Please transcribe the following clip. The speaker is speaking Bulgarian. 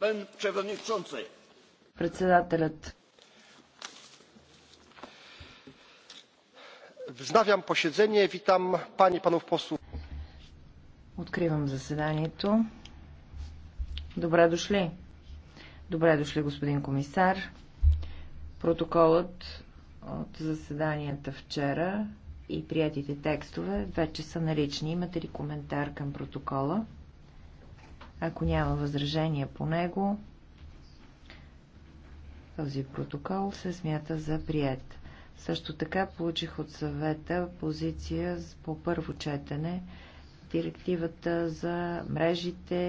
Пен Превъдничонце. Председателят. Wznawiam posiedzenie. витам пани панов panów Откривам заседанието. Добре дошли. Добре дошли, господин комисар. Протоколът от заседанията вчера и приятите текстове вече са налични. Имате ли коментар към протокола? Ако няма възражения по него, този протокол се смята за прият. Също така получих от съвета позиция по първо четене директивата за мрежите